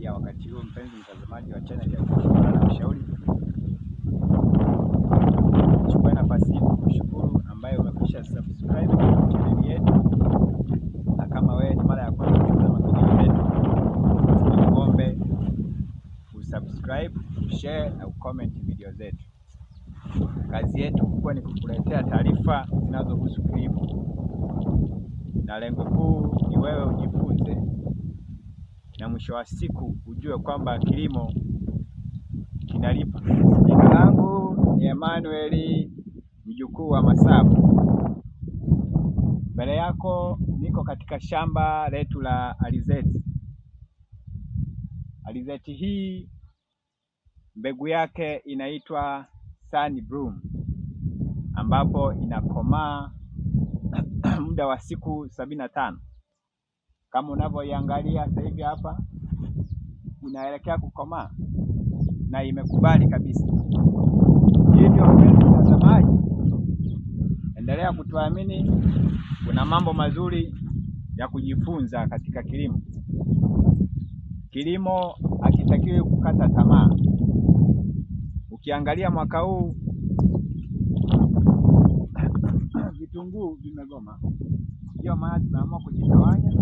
habari ya wakati huu, mpenzi mtazamaji wa channel ya Kichukua na Ushauri. Chukua nafasi hii kushukuru ambaye umekwisha subscribe kwa channel yetu, na kama wewe ni mara ya kwanza kutazama video zetu, tunakuombe usubscribe, ushare na ucomment video zetu. Kazi yetu huwa ni kukuletea taarifa zinazohusu kilimo na lengo kuu ni wewe mwisho wa siku ujue kwamba kilimo kinalipa. Jina langu ni Emmanuel mjukuu wa Masabu. Mbele yako niko katika shamba letu la alizeti. Alizeti hii mbegu yake inaitwa Sunbloom, ambapo inakomaa muda wa siku sabini na tano kama unavyoiangalia sasa hivi hapa inaelekea kukomaa na imekubali kabisa. Hivyo mpenzi mtazamaji, endelea kutuamini, kuna mambo mazuri ya kujifunza katika kilimo. Kilimo hakitakiwi kukata tamaa. Ukiangalia mwaka huu vitunguu vimegoma kufikia mahali tumeamua kujitawanya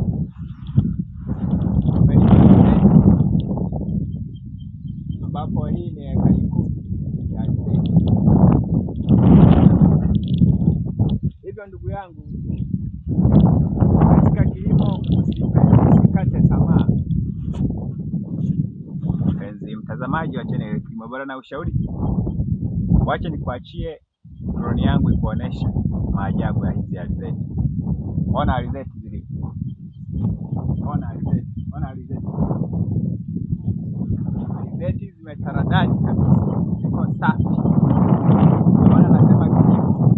ambapo hii ni ekari kumi ya Hivyo ndugu yangu, katika kilimo usikate tamaa. Mpenzi mtazamaji wa chaneli Kilimo Bora na Ushauri, wacha nikuachie droni yangu ikuonesha maajabu ya hizi alizeti. Ona alizeti zilivyo, ona alizeti, ona alizeti, alizeti zimetaradadi kabisa, ziko safi. Ona nasema kilimo,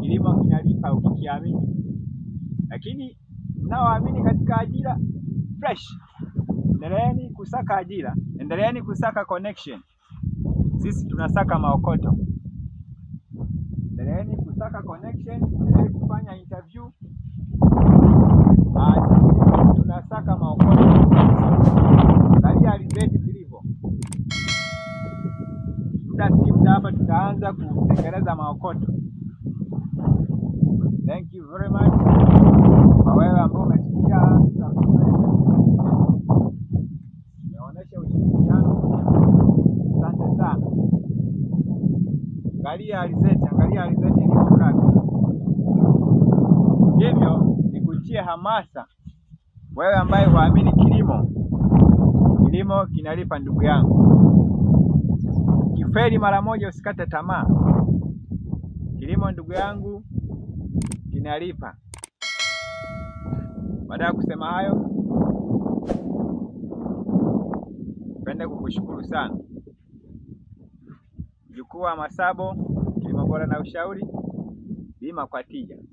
kilimo kinalipa ukikiamini, lakini mnaoamini katika ajira fresh, endeleeni kusaka ajira, endeleeni kusaka connection. Sisi tunasaka maokoto yaani kutaka connection, eh, kufanya interview. Ah, tunasaka maokoto angalia alibeti vilivyo. Muda si muda, hapa tutaanza kutengeneza maokoto. Thank you very much kwa wewe ambao umesikia umeonyesha ushirikiano, asante sana. Angalia alizeti, angalia alizeti ilivyo kavu. Hivyo nikuchie hamasa wewe ambaye huamini kilimo. Kilimo kinalipa ndugu yangu. Kifeli mara moja, usikate tamaa. Kilimo ndugu yangu kinalipa. Baada ya kusema hayo, pende kukushukuru sana jukua Masabo, kilimo bora na ushauri, bima kwa tija.